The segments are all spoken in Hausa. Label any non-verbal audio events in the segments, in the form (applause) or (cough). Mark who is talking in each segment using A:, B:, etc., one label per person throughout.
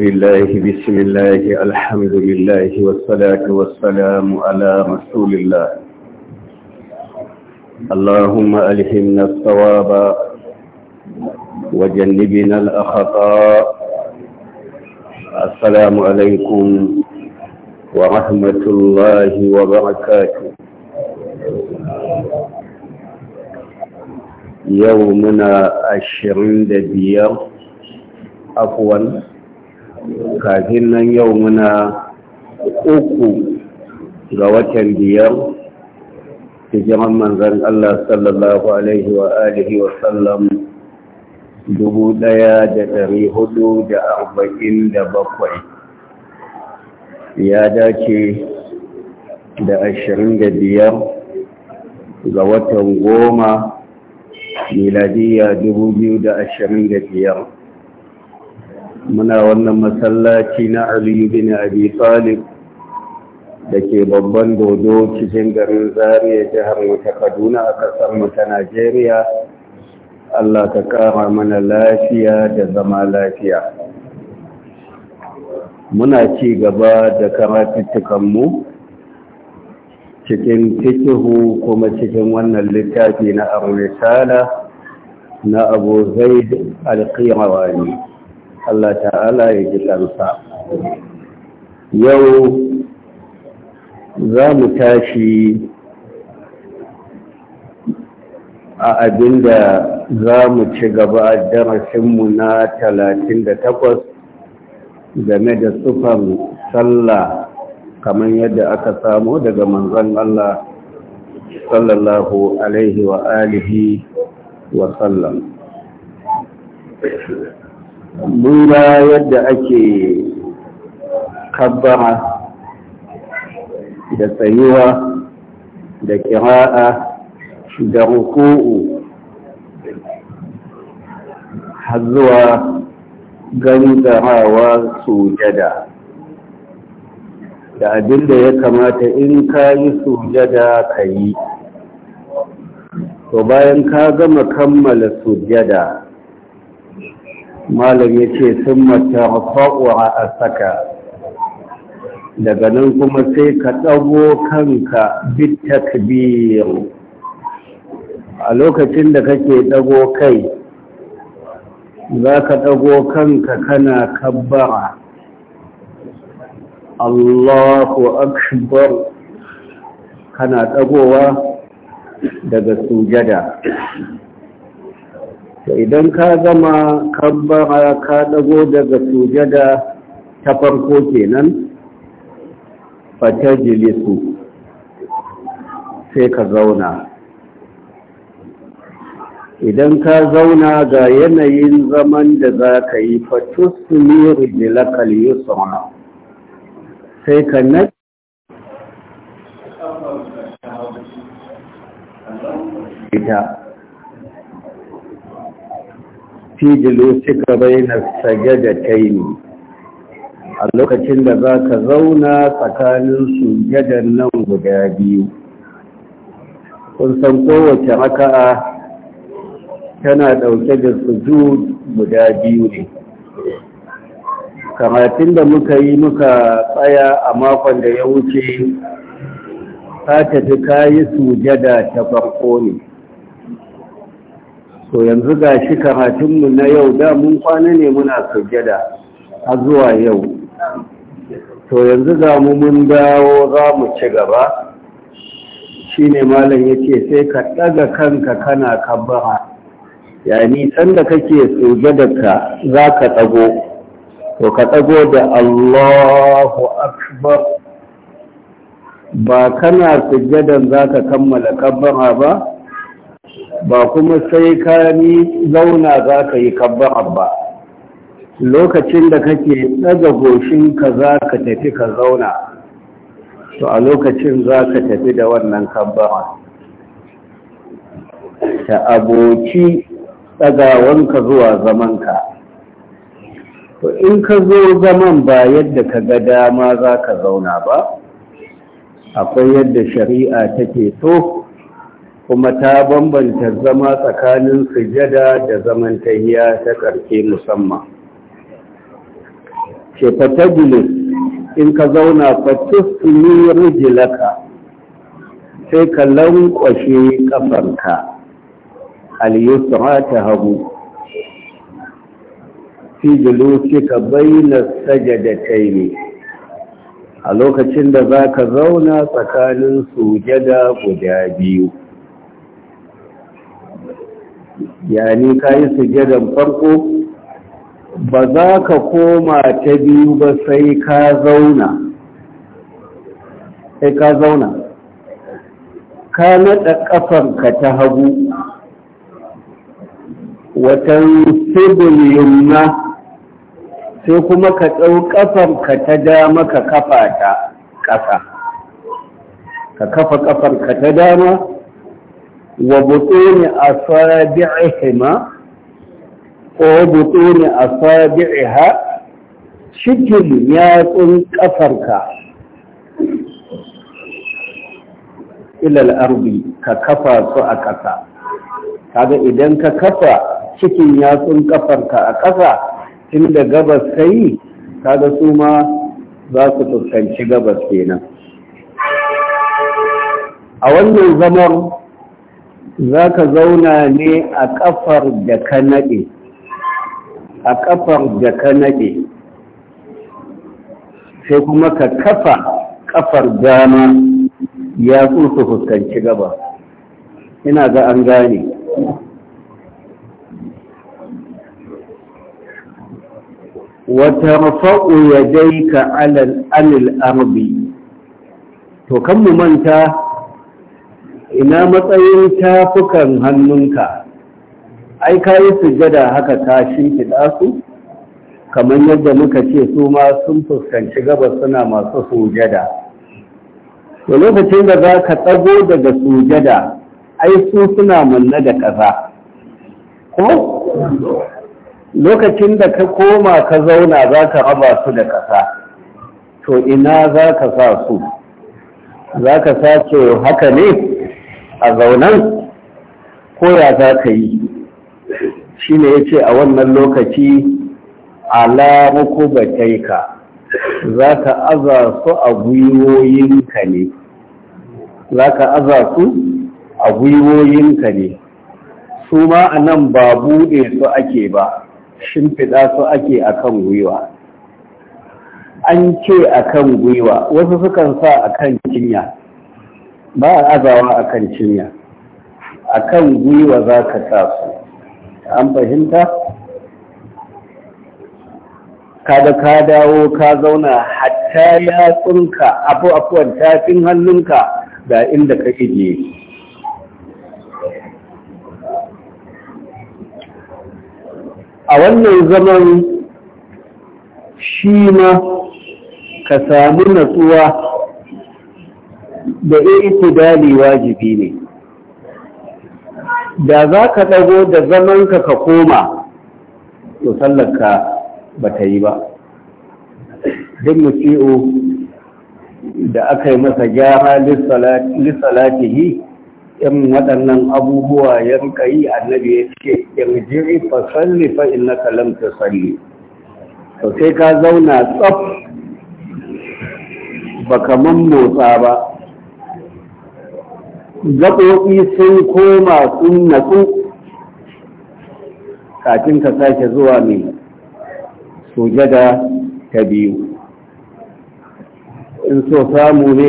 A: لله بسم الله الحمد لله والصلاة والسلام على رسول الله اللهم ألهمنا الصواب وجنبنا الأخطاء السلام عليكم ورحمة الله وبركاته يومنا الشرين دبير عفوا kafin nan yau muna uku ga watan biyar hijiran manzan Allah sallallahu alaihi wa alihi wa sallam dubu ɗaya da dari hudu da arba'in da bakwai ya dace da ashirin da biyar ga watan goma miladiya dubu biyu da ashirin da biyar muna wannan masallaci na aliyu bin abi talib da ke babban dodo cikin garin zariya jihar wata kaduna a ƙasarmu ta najeriya allah ta ƙara mana lafiya da zama lafiya muna ci gaba da karatuttukanmu cikin tikihu kuma cikin wannan littafi na abu na abu zaid alƙirawani Allah ta'ala ya ji ƙarfa. yau za mu tashi a abin da za mu ci gaba a darasinmu na talatin da takwas game da tsufan sallah kamar yadda aka samo daga manzon Allah sallallahu alaihi wa alihi wa sallam
B: duba
A: yadda ake kabbara da tsayuwa da kira'a da ruku'u
B: har zuwa
A: gangarawa sujada da abin da ya kamata in ka yi sujada ka yi to bayan ka gama kammala sujada malam ya ce sun mata a saka
B: daga nan kuma sai ka
A: ɗago kanka Kabiru. a lokacin da kake ɗago kai za ka ɗago kanka kana kabbara Allahu akbar kana ɗagowa daga sujada idan ka zama kabbara ka dago daga sujada ta farko kenan jilisu sai ka zauna idan ka zauna ga yanayin zaman da za ka yi ne rijilakal yusra sai ka na ita fi jilusika da sajadatayn a lokacin da za ka zauna tsakanin sujadan nan guda biyu kun san kowace raka'a tana ɗauke da sujud guda biyu ne karatun da muka yi muka tsaya a makon da ya wuce ka tafi kayi sujada ta farko ne to yanzu ga shi karatunmu na yau da mun kwana ne muna sujjada a zuwa yau to yanzu ga mu mun dawo za mu ci gaba shi ne malam ya ce sai ka ɗaga kanka kana kabbara yani sanda kake sujjadarka za ka ɗago
B: to ka ɗago da allahu
A: akbar ba kana sujjadan za ka kammala kabbara ba ba kuma sai ka ni zauna za ka yi kabbara ba lokacin da kake daga goshinka za ka tafi ka zauna to a lokacin za ka tafi da wannan kabbara ta aboki ɗagawanka zuwa zamanka to in ka zo zaman ba yadda ka ga dama za ka zauna ba akwai yadda shari'a take so kuma ta bambanta zama tsakanin sujada da zaman tahiya ta ƙarfe musamman ce fatagulis in ka zauna fatusmi rijilaka sai ka lankwashe ƙafarka al-yusra ta hagu fi ka baina sajadataini a lokacin da za ka zauna tsakanin sujada guda biyu yani ka yi sujadan farko ba za ka koma ta biyu ba sai ka zauna sai ka zauna ka naɗa ƙafanka ta hagu watan sibin sai kuma ka ɗau ƙafanka ta dama ka kafa ta ƙasa ka kafa ƙafanka ta dama wa butuni asabi'ihima ko butuni asabi'iha cikin yatsun kafarka ilal arbi ka kafa su a ƙasa kaga idan ka kafa cikin yatsun kafarka a ƙasa tun da gabas ka yi kaga su ma za su fuskanci gabas kenan a wannan zamar za ka zauna ne a ƙafar da ka naɗe a ƙafar da ka naɗe sai kuma ka kafa ƙafar dama ya su fuskanci gaba ina ga an gane wata rafa'u ya dai ka alal arbi to kan mu manta ina matsayin tafukan hannunka ai ka yi sujada haka ka shimfiɗa su kamar yadda muka ce su ma sun fuskanci gabas suna masu sujada. to lokacin da za ka tsago daga sujada, ai su suna manna da ƙasa ko lokacin da ka koma ka zauna za ka raba su da kasa to ina za ka sa su za ka sace haka ne a zaunan koya za ka yi shi ne ya ce a wannan lokaci alamuku ba ka za ka aza su a gwiwoyinka ne za ka aza su a gwiwoyinka ne su ma a nan ba buɗe su ake ba shimfiɗa su ake a kan gwiwa an ce a kan gwiwa wasu sukan sa a kan cinya ba a azawa a kan cinya a kan gwiwa za ka sa an fahimta kada ka dawo ka zauna hatta yatsunka abu afuwan tafin hannunka da inda ka ije a wannan zaman shi ma ka samu natsuwa da itidali wajibi ne da za ka ɗago da zamanka ka koma to sallarka ba ta yi ba duk musi'u da aka yi masa gyara lissalatihi in waɗannan abubuwa ya rika yi annabi ya ce in jiri fa fa'in na kalamta salli tusalli sai ka zauna tsaf ba kaman motsa ba gaɓoɓi sun koma sun natsu kafin ka sake zuwa mai sujada ta biyu in so samu ne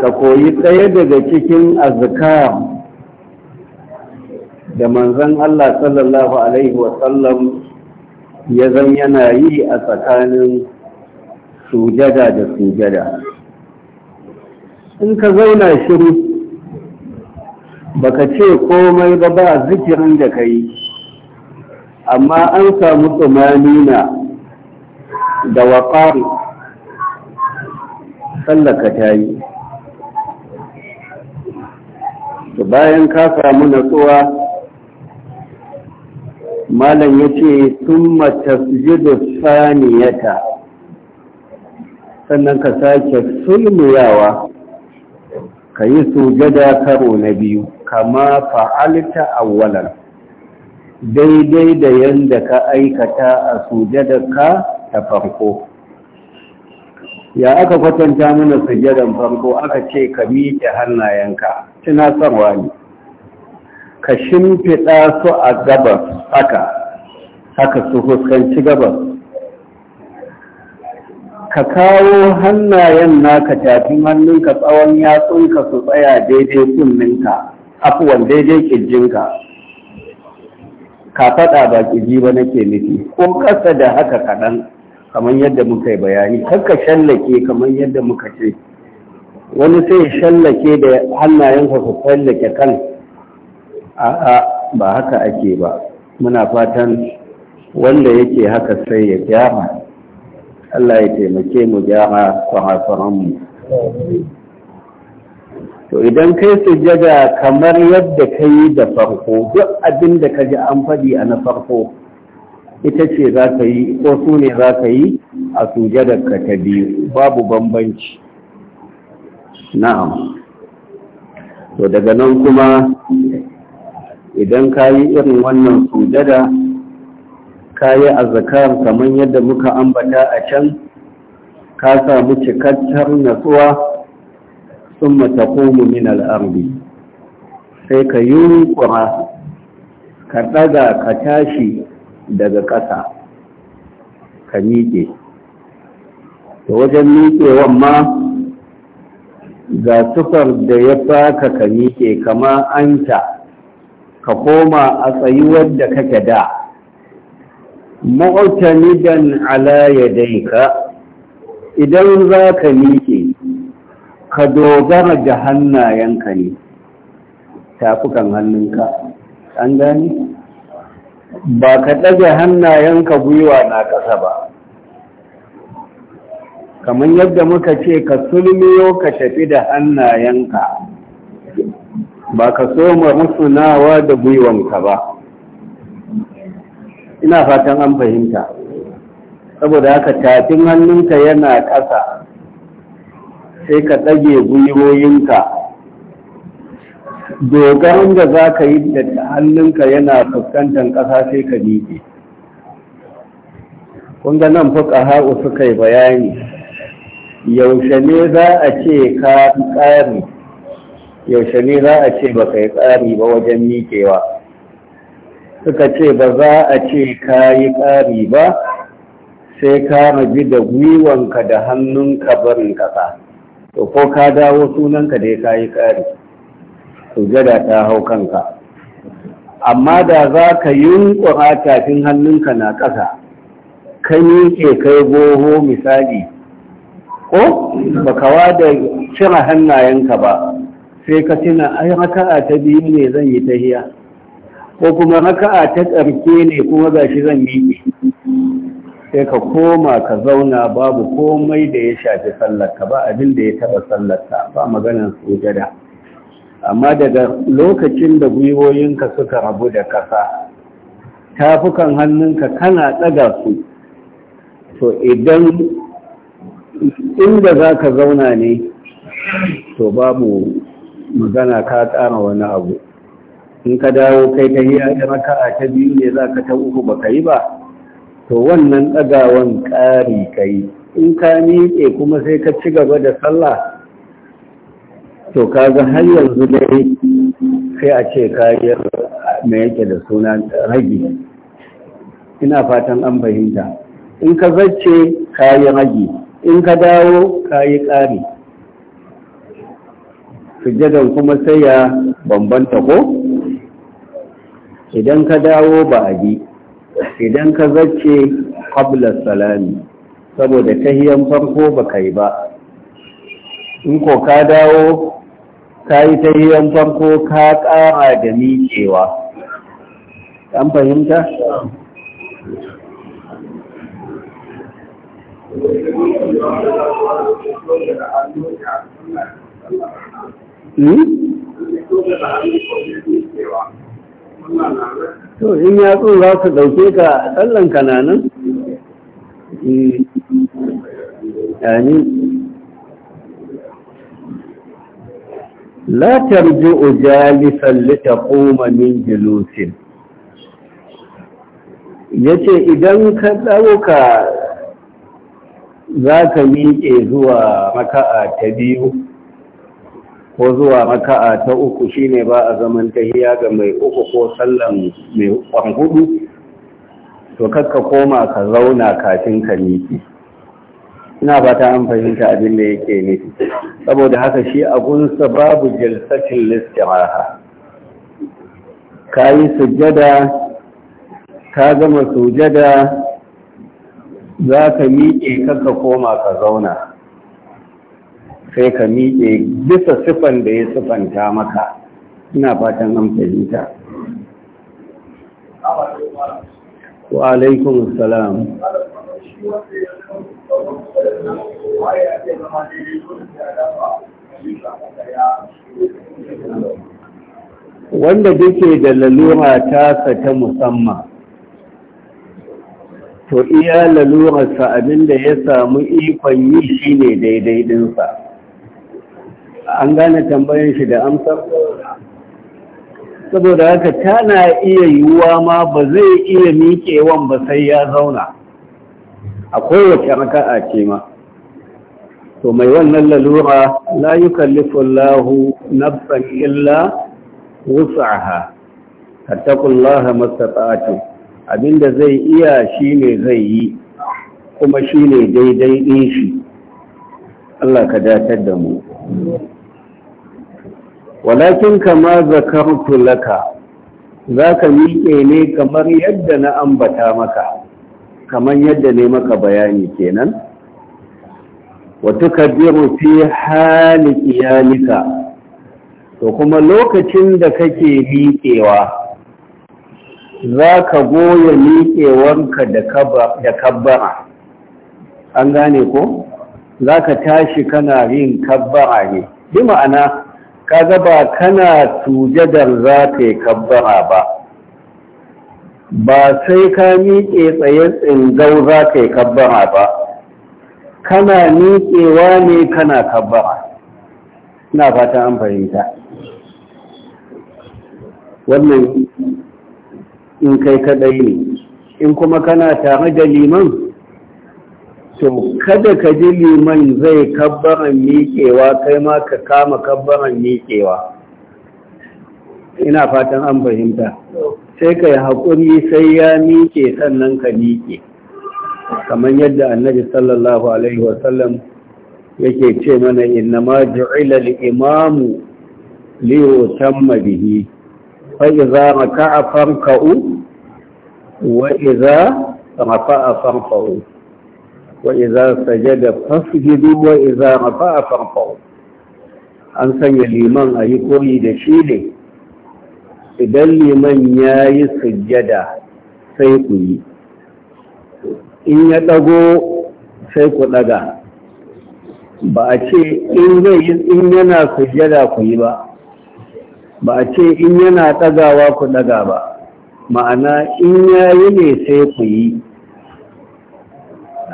A: ka koyi ɗaya daga cikin azkar da manzan Allah sallallahu alaihi wasallam ya zan yana yi a tsakanin sujada da sujada in ka zauna shiru baka ce komai ba ba zikirin da ka yi amma an samu na,
B: da waƙari sallaka ta yi bayan ka samu natsuwa malam ya ce sun da
A: saniyata sannan ka sake sulmiyawa ka yi sujada karo na biyu kama fa'alta awwalan daidai da yadda ka aikata a ka ta farko ya aka kwatanta mana sujadan farko aka ce ka miƙe hannayenka sarwa ne ka shimfiɗa su a gabas haka haka su fuskanci gabas ka kawo hannayen naka tafin hannunka tsawon yatsunka su tsaya daidai kunninka afuwan daidai kirjinka ka faɗa ba kiji ba nake nufi ko ƙasa da haka kaɗan kamar yadda muka yi bayani ka shallake kamar yadda muka ce wani sai shallake da hannayenka su shallake kan a'a ba haka ake ba muna fatan wanda yake haka sai ya gyara Allah ya taimake mu gyara mu. to idan kai sujjada kamar yadda ka yi da farko duk abin da ka ji an faɗi a na farko ita ce za ka yi ko su ne za ka yi a sujjadarka ta biyu babu bambanci na'am to daga nan kuma idan ka yi irin wannan sujjada kayi zakar kamar yadda muka ambata a can ka samu cikattar natsuwa summa taqumu min al'arbi sai ka yi kura ka daga ka tashi daga ƙasa ka miƙe ta wajen miƙewan ma ga sufar da ya baka ka miƙe kama anta ka koma a tsayuwar da kake da mu'tamidan ala yadayka idan za ka miƙe ka dogara da hannayenka ne tafukan hannunka an gani ba ka ɗaga hannayenka gwiwa na ƙasa ba kamar yadda muka ce ka sulmiyo ka tafi da hannayenka ba ka soma musunawa da gwiwanka ba ina fatan an fahimta saboda haka tafin hannunka yana ƙasa sai ka ɗage gwiwoyinka dogon da za ka yi da hannunka yana fuskantar ƙasa sai ka miƙe kunga nan fuka ha'u suka yi bayani yaushe ne za a ce ka ƙari yaushe ne za a ce ba ka yi ƙari ba wajen miƙewa suka ce ba za a ce ka yi ƙari ba sai ka rabi da gwiwanka da hannunka barin ƙasa to ko ka dawo sunanka da ya ka yi ƙari gada ta hau kanka amma da za ka yunƙura tafin hannunka na ƙasa ka ke kai goho misali ko baka da cire hannayenka ba sai ka tuna ai raka'a ta biyu ne zan yi ta tahiya ko kuma raka'a ta tsarki ne kuma shi zan miƙe sai ka koma ka zauna babu komai da ya shafi sallarka ba abin da ya taɓa sallarka ba maganar sojada amma daga lokacin da gwiwoyinka suka rabu da kasa tafukan hannunka kana tsaga su to idan inda za ka zauna ne to babu magana ka ƙara wani abu in ka dawo kai ta yi a ta biyu ne za ka ta uku ba ka yi ba to wannan ɗagawan ƙari ka yi in ka miƙe kuma sai ka ci gaba da sallah to ka ga har yanzu dai sai a ce yi mai yake da suna ragi ina fatan an fahimta in ka zacce ka yi rage in ka dawo ka yi ƙari sujjadan kuma sai ya bambanta ko idan ka dawo ba a bi idan ka zace qabla salami saboda tahiyan farko ka yi ba in ko ka dawo ka yi tahiyan farko ka ƙara da miƙewa an fahimta
B: Hmm? to
A: in yatsun za su dauke ka a tsallan kananan eh, yani la tarji'u jalisan koma min julusin yace idan ka ɗauka za ka miƙe zuwa maka'a ta biyu ko zuwa raka'a ta uku shine ba a zaman tahiya ga mai uku ko sallan mai kwan hudu to kakka koma ka zauna kafin ka miki ina fata an fahimta abin da yake nufi saboda haka shi a gunsa babu jalsatin listiraha kayi sujada ka gama sujada, za ka miƙe kakka koma ka zauna sai ka miƙe bisa siffan da ya siffanta maka ina fatan an fahimta wa alaikun salam wanda duke da lalura ta ta musamman to iya lalurarsa abinda ya samu ikon yi shine daidai dinsa an gane tambayin shi da amsar saboda haka tana iya yiwuwa ma ba zai iya miƙewan ba sai ya zauna a kowace a ce ma to mai wannan lalura la yukallifu Allahu nafsan illa wus'aha fattaqullaha mastata'tu abinda zai iya shine zai yi kuma shine daidai din shi Allah ka datar da mu walakin kama zakartu laka zaka ka miƙe ne kamar yadda na ambata maka kamar yadda ne maka bayani kenan wata kabiru fi hali iyalika to kuma lokacin da kake miƙewa za ka goya miƙewarka da kabbara an gane ko zaka tashi kana yin kabbara ne bi ma'ana kaga ba kana sujadar za ka yi kabbara ba ba sai ka miƙe tsaye tsingau za ka yi kabbara ba kana miƙewa ne kana kabbara ina fata an fahimta wannan in kai kaɗai ne in kuma kana tare da liman to kada ka ji liman zai kabbaran miƙewa kai ma ka kama kabbaran miƙewa ina fatan an fahimta
B: sai ka yi haƙuri
A: sai ya miƙe sannan ka miƙe kamar yadda annabi sallallahu alaihi wasallam yake ce mana inna ma ju'ila al-imamu li yutamma bihi fa idza raka'a farka'u wa idza rafa'a farfa'u وإذا سجد فاسجدوا وإذا رفع فارفعوا an sanya liman a yi da shi ne idan liman ya yi sujjada sai ku yi in ya ɗago sai ku ɗaga ba a ce in yana sujjada ku yi ba ba a ce in yana ɗagawa ku ɗaga ba ma'ana in ya yi ne sai ku yi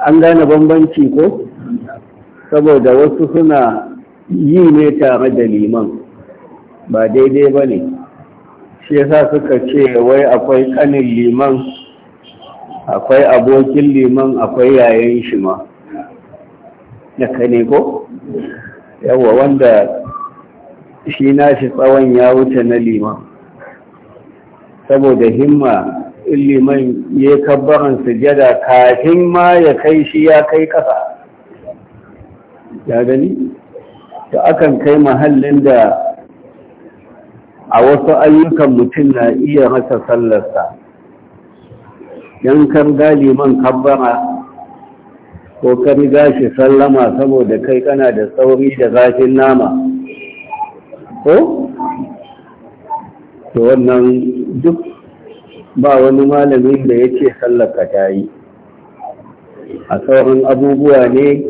A: an gane bambanci ko saboda wasu suna yi ne tare da liman ba daidai ba ne shi yasa suka ce wai akwai kanin liman akwai abokin liman akwai yayin shi ma da kane ko yawa wanda shi na shi tsawon ya wuce na liman saboda himma liman ya kabbaran sujada kafin ma ya kai shi ya kai ƙasa ya gani da akan kai mahallin da a wasu ayyukan mutum na iya rasa sallarsa yan ga liman kabbara ko karga shi sallama saboda kai kana da sauri da zafin nama ko? to wannan duk ba wani malamin da ya ce sallaka ta yi a sauran abubuwa ne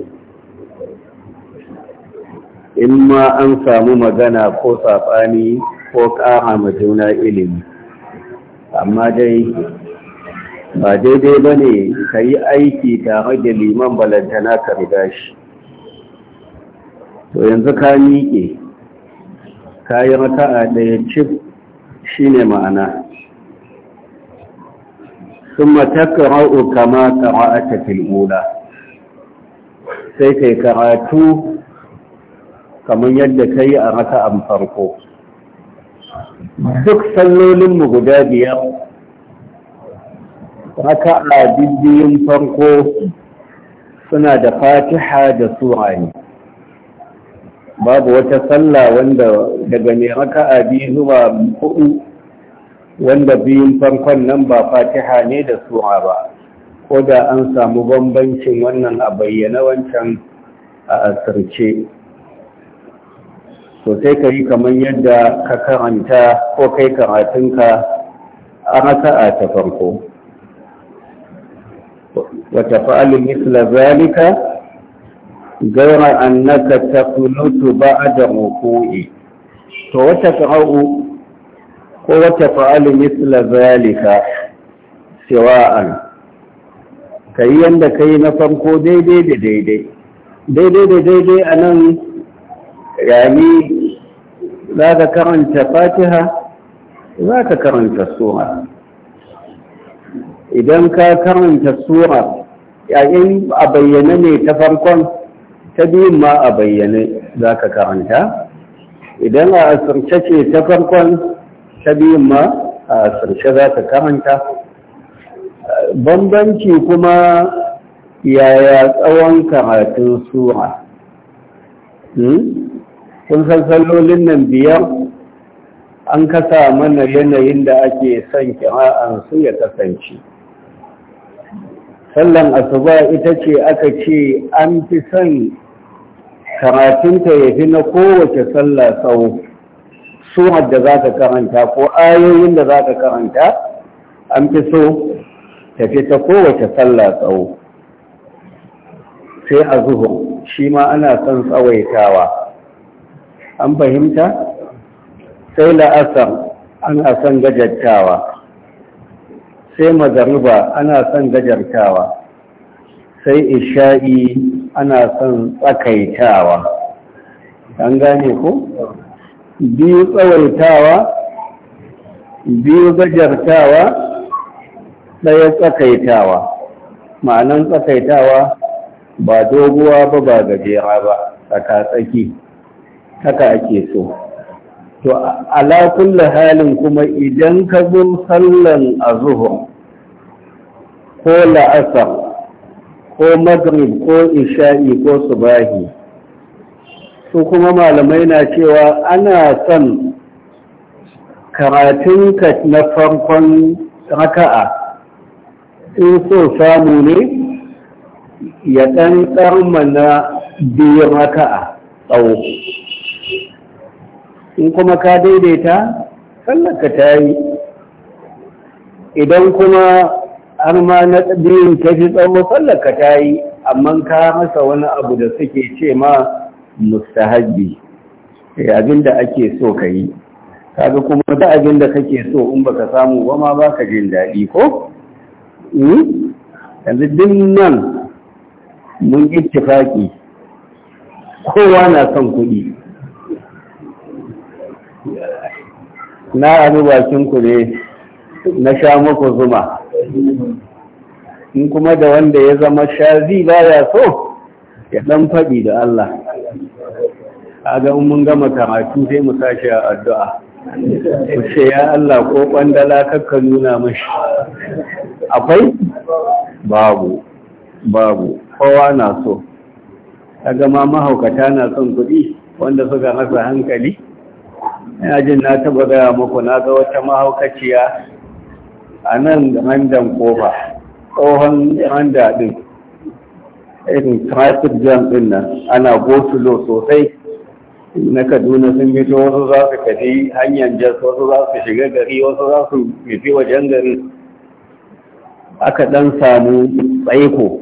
A: in ma an samu magana ko saɓani ko ƙara ma juna ilimi amma dai ba daidai ba ne ka yi aiki tare da liman balantana ka riga shi to yanzu ka miƙe ka yi raka'a ɗaya cif shi ne ma'ana ثم تقرأ كما قرأت في Sai kai karatu kamar yadda ka yi a raka'an farko duk sallolinmu guda biyar raka'a bibiyun farko suna da fatiha da sura ne babu wata sallah wanda daga ne raka'a biyu zuwa hudu wanda biyun farkon nan ba fatiha ne da sura ba ko da an samu bambancin wannan a bayyana wancan a asirce So sai ka yi kamar yadda ka karanta ko kai karatunka a raka'a ta farko wata fa'alin misla zalika gaira annaka ta kunutu ba da mako’i to wata ƙara'u ko wata fa'alu misla zalika siwa'an ka yi yadda ka yi na farko daidai da daidai daidai da daidai a nan rami za ka karanta fatiha za ka karanta sura idan ka karanta sura yayin a bayyane ne ta farkon ta biyun ma a bayyane za ka karanta idan a asirce ce ta farkon ta biyun ma a sarshe za ta karanta bambanci kuma yaya tsawon karatun sura hmm? kun san sallolin nan biyar an kasa mana yanayin da ake son kira'ansu ya kasance sallan asuba ita ce aka ce an fi son karatunta ya fi na kowace sallah tsawo surar da za ka karanta ko ayoyin da za ka karanta an fi so tafi ta kowace sallah tsawo sai a zuhur shi ma ana son tsawaitawa an fahimta sai la'asar ana son gajartawa sai magariba ana son gajartawa sai isha'i ana son tsakaitawa an gane ku. biyu tsawaitawa biyu gajartawa ɗaya tsakaitawa ma'anan tsakaitawa ba doguwa ba ba gajera ba tsaka-tsaki haka ake so to ala kulla halin kuma idan ka zo sallan azuhur ko la'asar ko magrib ko isha'i ko subahi su kuma malamai na cewa ana son karatun ka na farkon raka'a in so samu ne ya ɗan na biyu raka'a tsawo in kuma ka daidaita sallaka ta yi idan kuma har ma na biyun ta fi tsawo sallaka ta yi amma ka rasa wani abu da suke ce ma mustahabbi abinda eh, abinda ake so ka kaga kuma da abinda kake so in baka samu ba ma baka jin daɗi ko hmm? yanzu din nan mun ittifaki kowa na son kuɗi na abu bakin ku ne na sha muku zuma in kuma da wanda ya zama shazi ya so ya ɗan faɗi da Allah aga mun gama karatu sai mu sashi a addu'a sai ya Allah ko kwandala kakka nuna mashi akwai babu babu kowa na so kaga ma mahaukata na son kuɗi wanda suka rasa hankali ina jin na taba gaya muku na ga wata mahaukaciya a nan randan kofa tsohon randa ɗin irin traffic jam ɗin nan ana go sosai na kaduna sun fito wasu za su kaji hanyar jas wasu za su shiga gari wasu za su nufi wajen gari aka ɗan samu tsaiko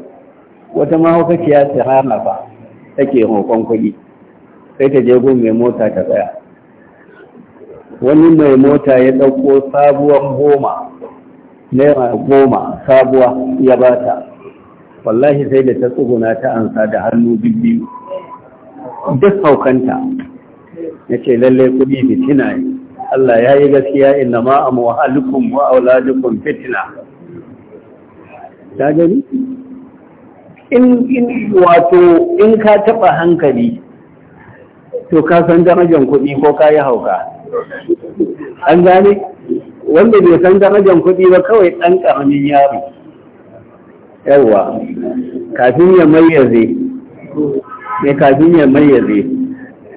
A: wata mahaukaciya tsirana ba take roƙon kuɗi sai ta je gun mai mota ta tsaya wani mai mota ya ɗauko sabuwar goma naira goma sabuwa ya ba ta wallahi sai da ta tsuguna ta ansa da hannu biyu duk haukanta yace lalle kudi fitina ne Allah ya yi gaskiya inna ma amwalukum wa auladukum fitina. ta gani in in wato in ka taba hankali to ka san darajar kudi ko ka yi hauka an gane wanda bai san darajar kudi ba kawai dan karamin yaro yawa kafin ya mayyaze ne kafin ya mayyaze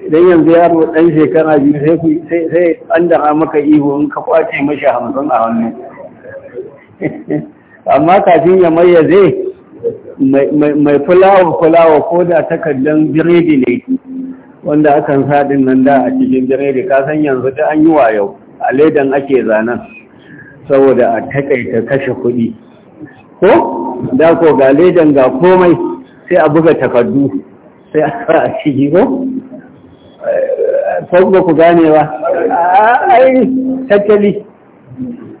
A: idan yanzu yaro ɗan shekara biyu sai sai an da maka ihu in ka kwace mashi hamsin a hannu amma kafin ya mayyaze mai fulawa fulawa ko da takardar biredi ne wanda akan sadin nan da a cikin biredi san yanzu ta an yi yau a ledan ake zanen saboda a takaita kashe kuɗi ko da ko ga ledan ga komai sai a buga takardu sai a ciki ko ku gane ba ai tattali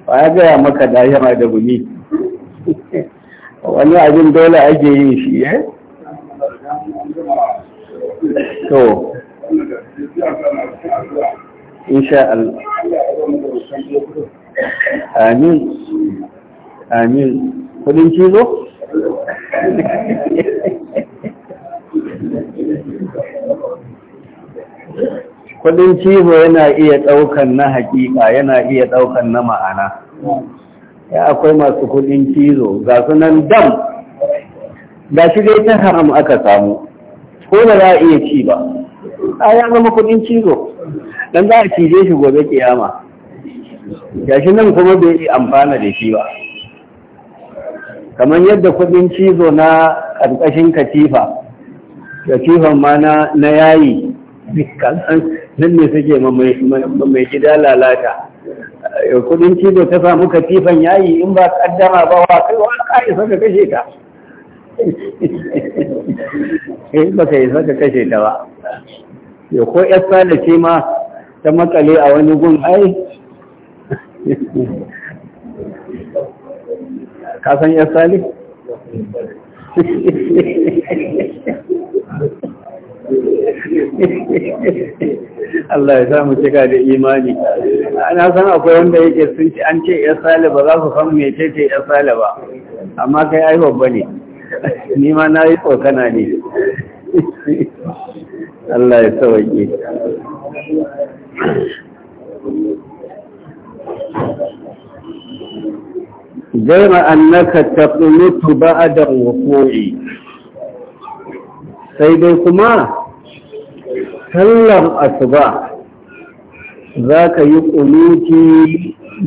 A: ba ya gaya maka da yana da gumi wani abin dole ake yin shi eh to insha Allah amin amin kudin cizo kudin cizo yana iya daukan na hakika yana iya daukan na ma'ana ya akwai masu kudin cizo ga sunan dam da shi dai ta haram aka samu ko da za a iya ci ba a ya zama kudin cizo dan za a cije shi gobe kiyama Ya shi nan kuma bai yi amfana da shi ba kamar yadda kudin cizo na ƙarƙashin katifa katifan ma na yayi nan ne suke mai gida lalata eh, kudin cibo ta samu katifan yayi in ba kaddama ba wa kai wa ka isa ka kashe ta eh (laughs) ba kai isa ka kashe ta ba ya ko yasa da ce ma ta makale a wani gun ai
B: (laughs) ka san yar ne? Thank you.
A: Allah ya samu cika da imani ana san akwai wanda yake sun ce an ce 'yar sale ba za su san mai ce 'yar sale ba amma kai ai babba ne ni ma na yi tsokana ne Allah ya sauke mutu ba'a da بعد Sai dai kuma. Sallan asuba za ka yi kunuti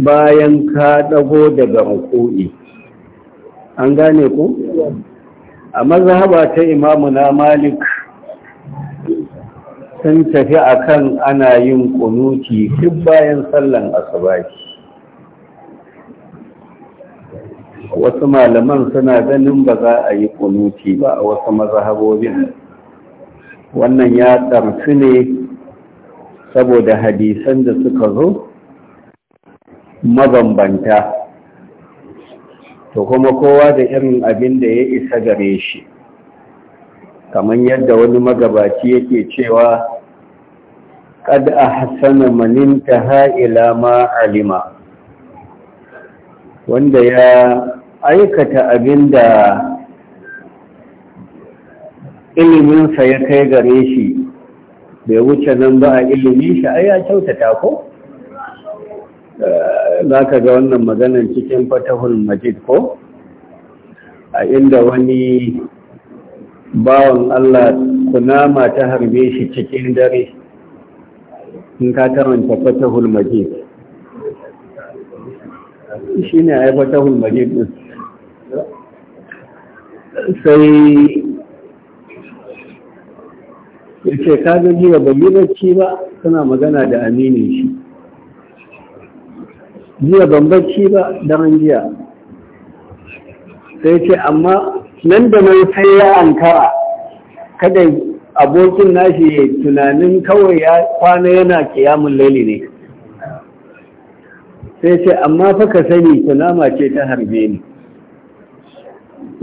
A: bayan ka dago daga rukuni an gane ku a mazhaba ta imamu na malik sun tafi akan ana yin kunuti duk bayan sallan asuba wasu malaman suna ganin ba za a yi kunuti ba a wasu mazhabobin wannan ya ɗarsu ne saboda hadisan da suka zo mabambanta to kuma kowa da irin abin da ya isa gare shi kamar yadda wani magabaci yake cewa قد a من انتهى Ha'ila ma alima wanda ya aikata abin da iliminsa ya kai gare shi bai wuce nan ba a ilimi shi a ya kyautata ko eh, za ka ga wannan maganan cikin Fatahun majid ko a inda wani bawan Allah kunama ta harbe shi cikin dare in ka taranta Fatahun majid shi ne yi fatahun majid sai yace ka ga jiya ba yi bacci ba suna magana da aminin shi jiya ban bacci ba daren jiya sai ce amma nan da mai sai ya ankara kada abokin nashi tunanin kawai ya kwana yana kiyamun laili ne sai ce amma fa ka sani tunama ce ta harbe ni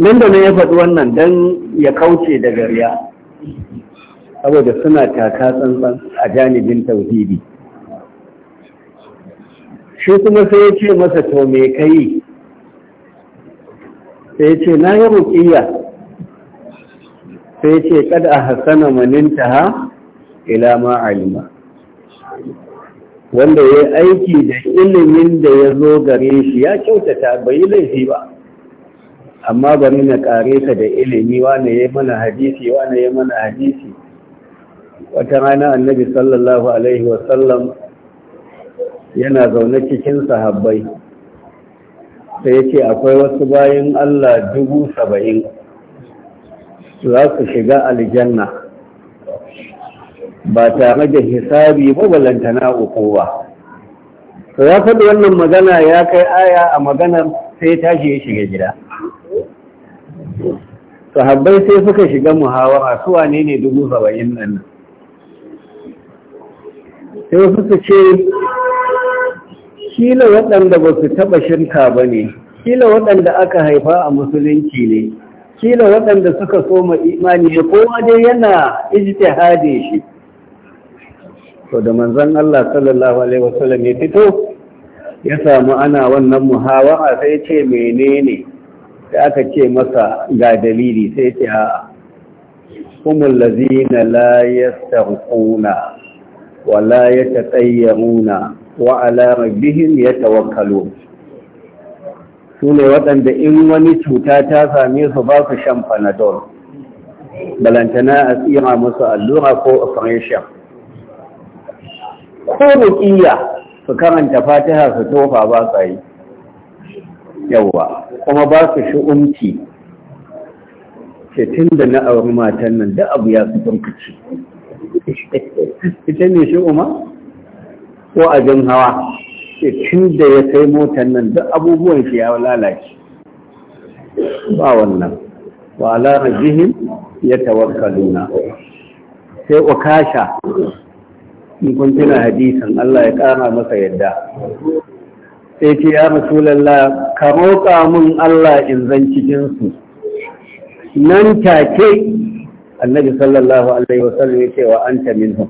A: nan da na ya faɗi wannan don ya kauce da gariya saboda suna taka tsantsan a janibin tauhidi shi kuma sai ya ce masa to me kai sai ya ce na yi rukiya sai ya ce kada a hassana maninta ha ila alima wanda ya yi aiki da ilimin da ya zo gare shi ya kyautata bai yi laifi ba amma bari na kare ka da ilimi wane ya mana hadisi wane ya mana hadisi wata rana annabi sallallahu alaihi wasallam yana zaune cikin sahabbai sai ce akwai wasu bayan Allah dubu saba'in za su shiga aljanna ba tare da hisabi mabalantana uku ba to ya faɗi wannan magana ya kai aya a maganar sai tashi ya shiga gida sahabbai sai suka shiga muhawara su wane ne dubu saba'in nan sai wasu su ce kila waɗanda ba su taɓa shirka ba ne kila waɗanda aka haifa a musulunci ne kila waɗanda suka soma imani ne kowa dai yana ijtihadi shi to da manzon Allah sallallahu alaihi wasallam ya fito ya samu ana wannan muhawara sai ce menene sai aka ce masa ga dalili sai ce a kuma lazina la yastaghfuna Wala ya ولا يتطيرون وعلى ربهم يتوكلون sune waɗanda in wani cuta ta same su ba su shan panadol balantana a tsira musu allura ko operation ko rukiya su karanta fatiha su tofa ba sa yi yawa kuma ba su shi'umci ce tun da na auri matan nan da abu ya su tunkuci ita ne shi umar ko a jin hawa tun da ya kai motar nan duk abubuwan shi ya lalace ba wannan wa alara jihin ya tawarka luna sai okasha in kun tuna hadisan Allah ya ƙara masa yadda sai ce ya rasulullah ka roƙa mun Allah in zan cikin nan take annabi sallallahu alaihi wasallam ya ce wa anta minhum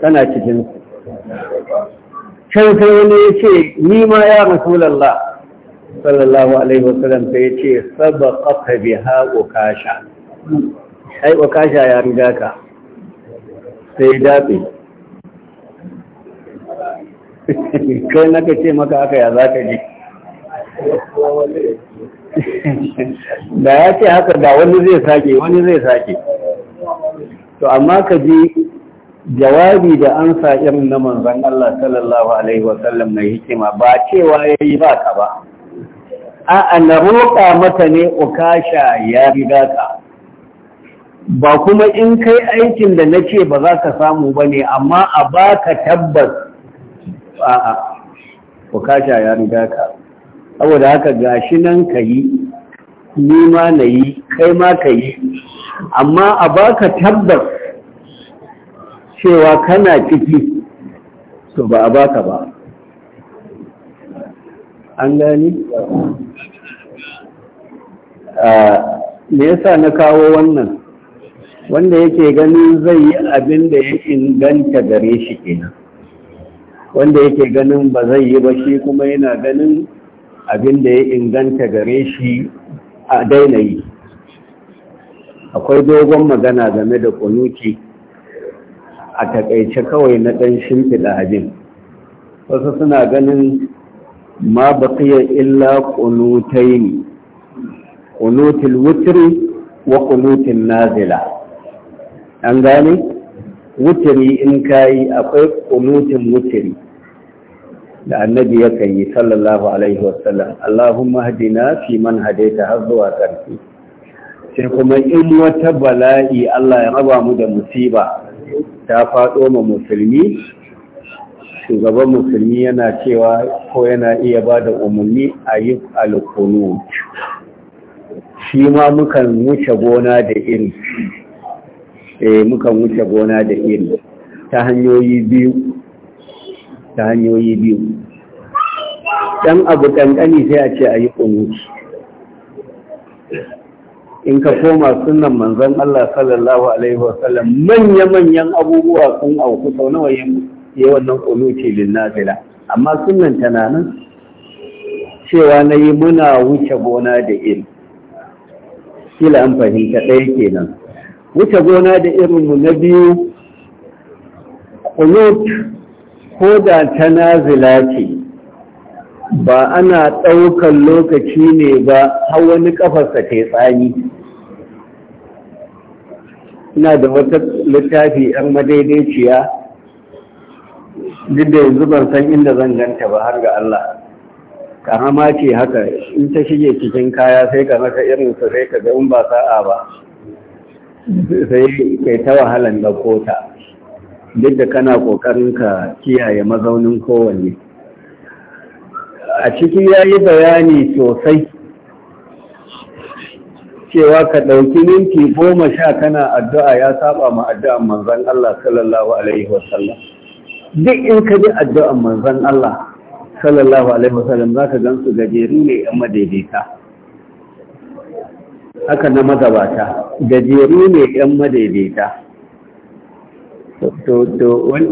A: kana cikin
B: can sai wani ya ce ni ma ya rasulullah
A: sallallahu alaihi wasallam sai ya ce biha ukasha ai ukasha ya riga ka sai dabi kai naka ce maka aka ya zaka ji da ya ce haka da wani zai sake wani zai sake to amma ka ji jawabi da ansa irin na manzan Allah sallallahu alaihi wasallam mai hikima ba cewa ya yi ba ka ba a'a na roƙa mata ne ukasha ya riga ka ba kuma in kai aikin da na ce ba za ka samu ba ne amma a ba ka tabbas a'a ukasha ya riga ka saboda haka gashi nan ka yi nima na yi kai ma ka yi amma a baka tabbas cewa kana ciki to ba a baka ba an gani me yasa na kawo wannan wanda yake ganin zai yi abin da ya inganta gare shi kenan wanda yake ganin ba zai yi ba shi kuma yana ganin abin da ya inganta gare shi a daina yi akwai dogon magana game da kunuti a takaice kawai na ɗan shimfiɗa abin wasu suna ganin ma baƙiyar illa kunutai ne kunutul wutri wa kunutin nazila an gane wutri in kayi akwai kunutin wutri da annabi ya kan yi sallallahu alaihi wasallam Allahumma hadina fi man hadaita har zuwa ƙarfi sai kuma in wata bala'i Allah ya raba mu da musiba ta faɗo ma musulmi shugaban musulmi yana cewa ko yana iya ba da umarni a yi alkunu shi ma mukan wuce gona da iri e mukan wuce gona da iri ta hanyoyi biyu ta hanyoyi biyu ɗan abu ƙanƙani sai a ce a yi ƙunuci in ka koma sunan manzon Allah sallallahu alaihi wasallam manya-manyan abubuwa sun auku sau nawa yin yi wannan ƙuluci linnafila amma sunan tananan cewa na yi muna wuce gona da il kila amfani fahimta ɗaya kenan wuce gona da irinmu na biyu kulut ko da tanazila ce ba ana ɗaukan lokaci ne ba har wani ƙafarsa ta tsani ina da wata littafi yan madaidaiciya duk da yanzu ban san inda zan ganta ba har ga Allah karama ce haka in ta shige cikin kaya sai ka maka irin su sai ka ga in ba sa'a ba sai kai ta wahalan da kota duk da kana kokarin ka kiyaye mazaunin kowanne a ciki yayi bayani sosai cewa ka ɗauki minti goma sha kana addu'a ya saba ma addu'an manzan Allah sallallahu Alaihi wasallam. Duk in ka ji addu'an manzan Allah sallallahu Alaihi wasallam za ka gan su gajeru ne ‘yan madaidaita. Haka na magabata, gajeru ne ‘yan madaidaita.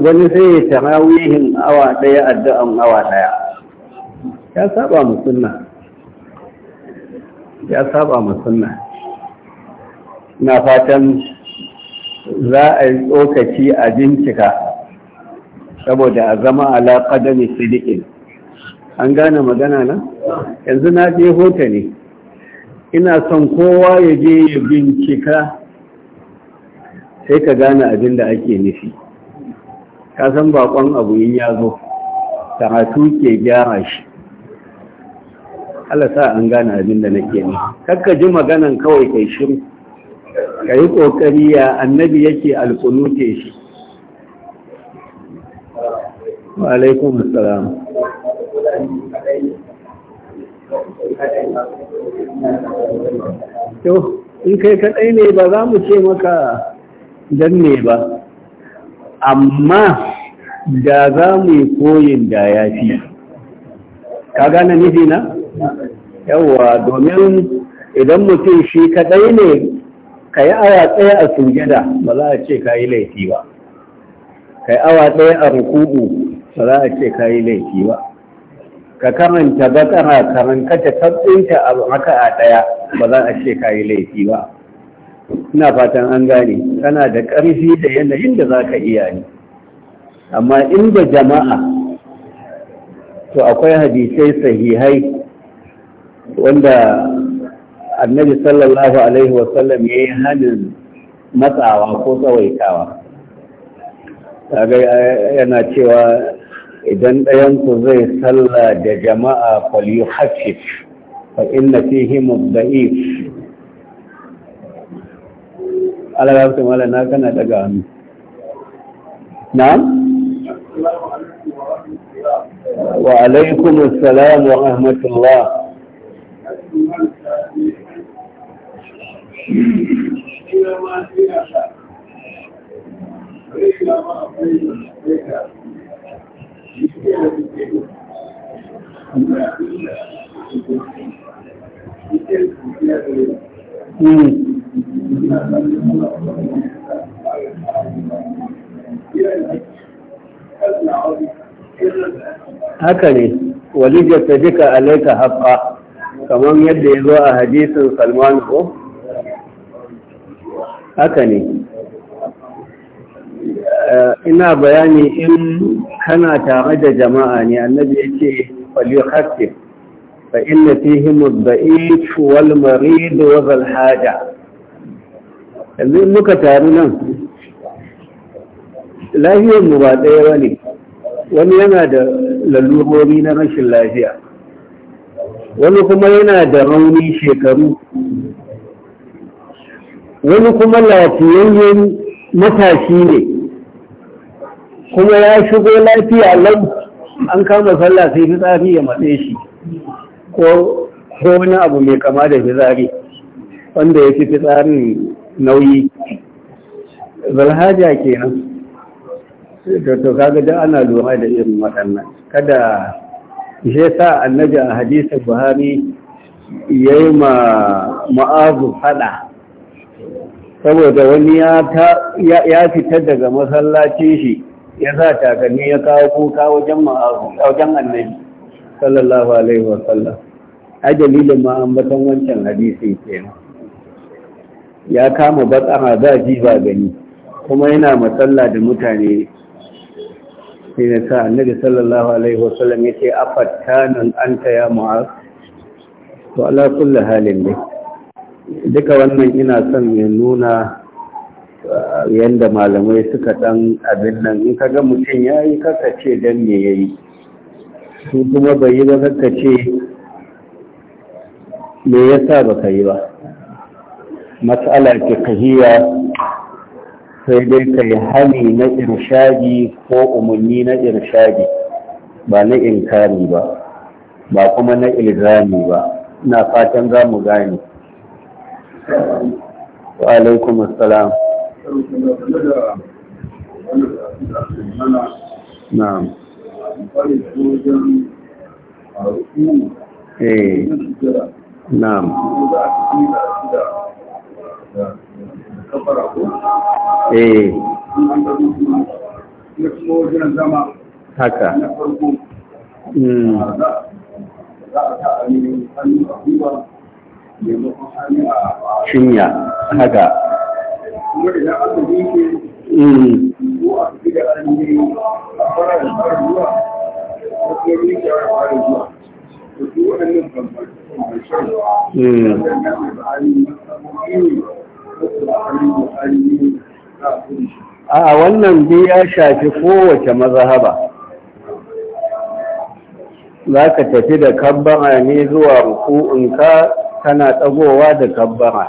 A: Wani sai ya tarawihin awa ɗaya addu'an awa ɗaya. Ya saba mu sunna. ya saba ma sunna na fatan za a yi tsokaci a bincika saboda a zama da sidikin an gane magana nan yanzu na je hota ne ina son kowa ya je ya bincika sai ka gane abin da ake nufi ka san bakon abu yin ya zo karatu ke gyara shi Allah sa an gane abin da nake ne kakka ji maganan kawai kai shiru ka yi ƙoƙari ya annabi yake alkunute shi wa alaikum salam. to in kai kaɗai ne ba za mu ce maka ne ba amma da za mu yi koyin da ya fi ka gane ni dina? yawwa domin idan mutum shi kaɗai ne ka yi awa ɗaya a sujada ba za a ce ka yi laifi ba ka yi awa ɗaya a ruku'u ba za a ce ka yi laifi ba ka karanta bakara karankata tabbinta a maka a ɗaya ba za a ce ka yi laifi ba ina fatan an gane kana da ƙarfi da yanayin da za ka iya ne amma inda jama'a to akwai hadisai sahihai wanda annabi sallallahu alaihi wasallam ya yi hannun matsawa ko tsawaitawa kaga yana cewa idan ɗayanku zai salla da jama'a kwaliyu hafif fa inna fihi mubda'if Allah ya mala na kana daga hannu na?
B: wa alaikumussalam
A: wa rahmatullah
B: haka ne walijar ta jika alaika haƙa kamar yadda ya zo a hadisin salman ko haka ne
A: eh, ina bayani in kana tare da jama'a ne annabi ya ce falihasif fa inna fihi mudda'if wal marid wa zal haja muka taru nan lafiyar mu ba ɗaya ne. wani yana da lalurori na rashin lafiya wani kuma yana da rauni shekaru wani kuma lafiyayyen matashi ne kuma ya shigo lafiya lam an kama sallah sai fitsari ya matse shi ko wani abu mai kama da fitsari wanda ya fi fitsarin nauyi zalhaja kenan to kaga da ana lura da irin waɗannan kada shi sa annabi a hadisin buhari ya ma ma'azu fada saboda wani ya fitar daga masallacin shi ya sa takalmi ya kawo kuka wajen wajen annabi sallallahu alaihi wa sallam dalilin ma'ambatan wancan hadisi kenan ya kama ma za ji ba gani kuma yana matsala da mutane sai na sa annabi sallallahu alaihi wa sallam yace afattanun anta ya mu'az to ala kulli halin dai
B: duka wannan
A: ina son ya nuna uh, yadda malamai suka ɗan abin nan in ka ga mutum ya yi kakace don me ya yi su kuma bai yi ba kakace me ya sa ba ka yi ba matsala ke kahiya sai dai ka yi hali na irshadi ko umarni na irshadi ba na inkari ba ba kuma na ilzami ba na fatan za mu gane waalaikum alaikum assalam na'am eh na'am
B: eh haka mm. cinya haka mm. mm.
A: a wannan dai ya shafi kowace mazahaba za ka tafi da kabara ne zuwa ruku'unka kana tsagowa da kabbara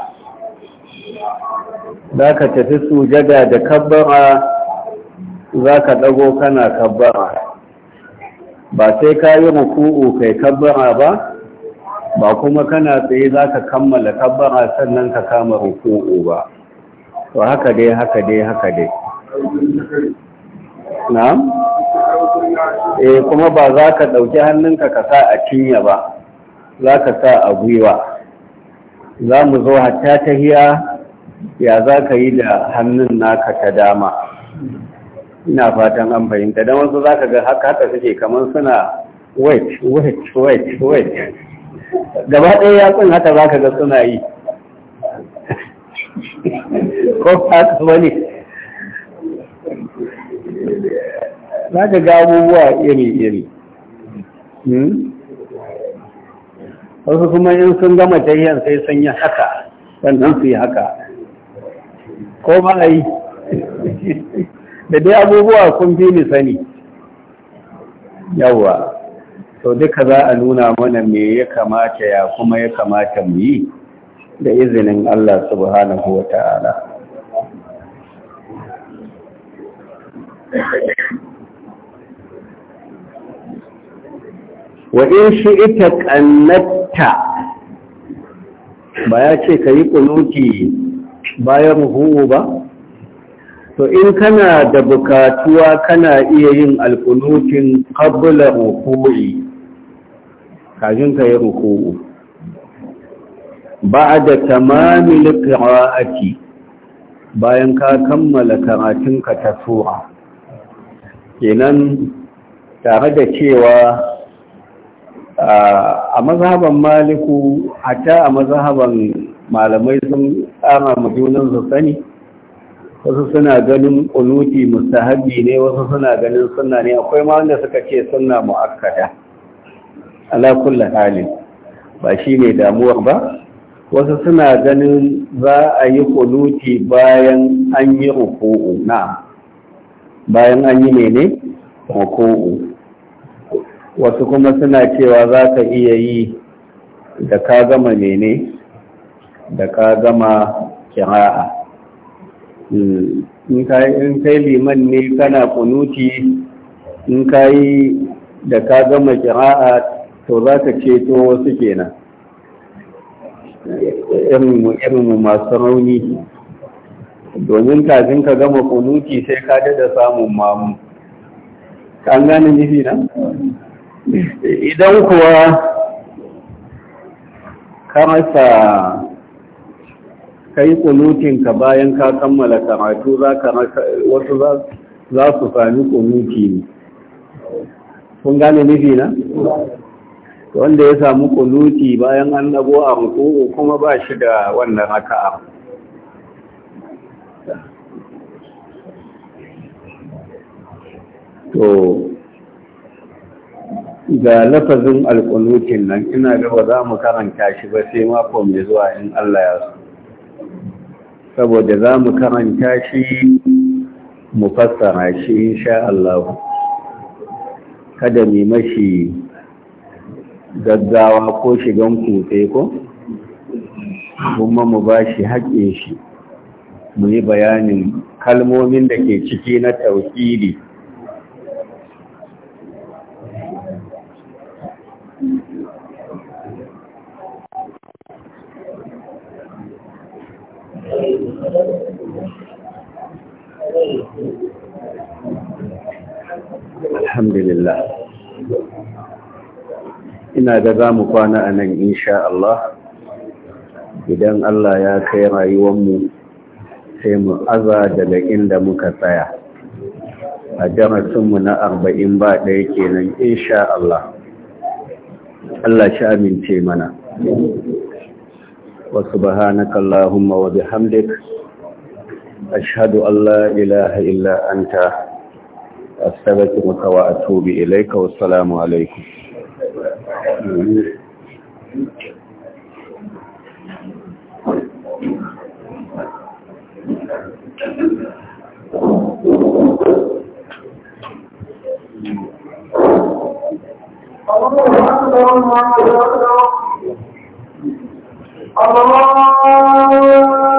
A: za ka tafi sujada da kabbara za ka tsago kana kabbara ba sai ka yi ruku'u kai kabbara ba ba kuma kana tsaye za ka kammala kabbara sannan ka kama ruku'u ba to haka dai haka dai haka dai na'am
B: eh kuma ba
A: za ka ɗauki hannunka ka sa a cinya ba za ka sa a gwiwa za mu zo hatta ta hiya ya za ka yi da hannun naka ta dama ina fatan an fahimta don wasu za ka ga haka haka suke kamar suna wait wait wait wait gaba ɗaya yatsun haka za ka ga suna yi ko haka wani za ka ga abubuwa iri-iri hmm? wasu kuma in sun gama tahiyar sai sun yi haka sannan su yi haka ko ba a yi da dai abubuwa kun fi ni sani yawwa to duka za a nuna mana me ya kamata ya kuma ya kamata mu yi da izinin Allah subhanahu wa ta'ala wa shi ita kannatta ba ya ce ka yi kunuti bayan huwu ba to in kana da bukatuwa kana iya yin alkunutin qabla ruku'i kajin ka yi ba da tamamin qira'ati bayan ka kammala karatunka ta tura. kenan tare da cewa a mazhaban maliku hatta a mazhaban malamai sun tsara madunansu su sani wasu suna ganin kunuti mustahabi ne wasu suna ganin suna ne akwai ma wanda suka ce suna muakkada ala halin ba shi ne damuwar ba wasu suna ganin za a yi uluti bayan an yi ruku'u na bayan an yi mene ruku'u wasu kuma suna cewa za ka iya yi da ka gama mene da ka gama kira'a hmm, in kai liman ne kana kunuti in ka yi da ka gama kira'a to za ka ceto wasu kenan irin masu rauni domin kafin ka gama kunuti sai ka dada samun mamu an gane nufi na? idan kuwa ka ka yi kunutinka bayan ka kammala karatu wasu za su sami kunuti ne kun gane nufi na? wanda ya samu kunuti bayan an nago a rukuku kuma ba shi da wannan raka'a to ga lafazin alƙunutin nan ina da ba za mu karanta shi ba sai mako mai zuwa in Allah ya so saboda za mu karanta shi mu fassara shi insha Allah kada mu mashi gaggawa ko shigan kutse ko kuma mu ba shi haƙƙin shi mu yi bayanin kalmomin da ke ciki na tauhidi alhamdulillah
B: ina da za mu kwana a nan
A: insha Allah idan Allah ya kai rayuwanmu sai mu aza daga inda muka tsaya a darasinmu na arba'in ba ɗaya kenan insha Allah Allah shi amince mana Wasu wa Allahumma wa bihamdik. أشهد أن لا إله إلا أنت أستغفرك وأتوب إليك والسلام عليكم
B: Allah Allah